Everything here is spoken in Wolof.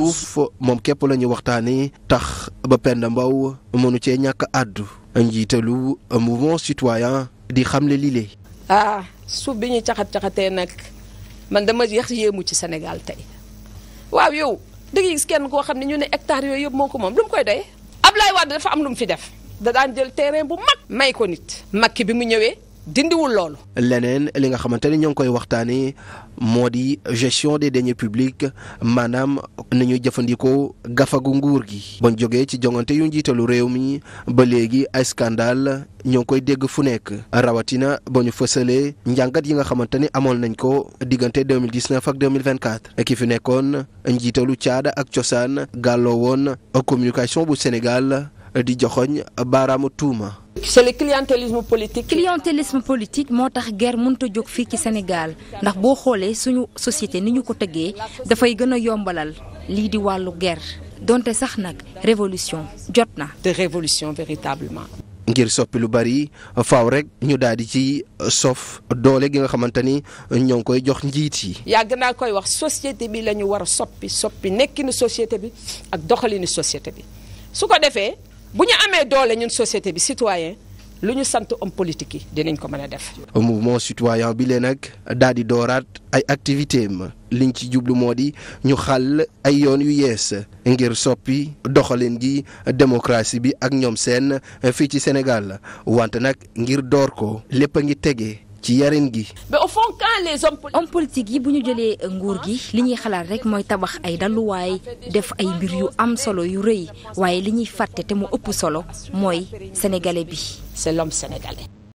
suuf moom képp la ñu waxtaanee tax ba Penda Mbow mënu cee ñàkk àddu njiitalu mouvement citoyen di xam ne lile. ah suuf bi ñuy caxat caxatee nag man dama yéex mu ci senegal tey waaw yow da gis kenn koo xam ne ñu ne hectare yooyu yëpp moo ko moom lu mu koy doyee. Ablaye Wade dafa am lum fi def da daan jël terrain bu mag. may ko nit. Macky bi mu ñëwee. dindiwul loolu. leneen li nga xamante ni ñoo ngi koy waxtaanee moo di gestion des deniers publics maanaam ni ñuy jëfandikoo gafagu nguur gi. bañ jógee ci jongante yu njiitalu réew mi ba léegi ay scandale ñoo ngi koy dégg fu nekk rawatina ba ñu fësalee njàngat yi nga xamante ni amoon nañ ko diggante 2019 ak 2024. ki fi nekkoon njiitalu caada ak cosaan gàlloo woon communication bu Sénégal di joxoñ baaraamu tuuma. c'est le clientélisme politique. clientélisme politique moo tax guerre mënut a jóg fii ci Sénégal ndax boo xoolee suñu société ni ñu ko tëggee dafay gën a yombalal lii di wàllu guerre donte sax nag révolution jot na. de révolution ngir soppi lu bari faaw rek ñu daal di ci sof doole gi nga xamante ni ñoo ngi koy jox njiit yi. yàgg naa koy wax société bi la ñu war a soppi soppi nekkinu société bi ak doxalinu société bi su ko defee. bu ñu amee doole ñun société bi citoyen lu ñu sant homme politique yi dinañ ko mën a def. mouvement citoyen bi leen nag daal di dooraat ay activités am liñ ci jublu moo di ñu xal ay yoon yu yees ngir soppi doxalin gi démocratie bi ak ñoom seen fii ci Sénégal la wante nag ngir door ko lépp a ngi tege. ci yarin gi. mais au les hommes politiques yi bu ñu jëlee nguur gi li ñuy xalaat rek mooy tabax ay dalluwaay def ay mbir yu am solo yu rëy waaye li ñuy fàtte te mu ëpp solo mooy sénégalais bi. c'est l'homme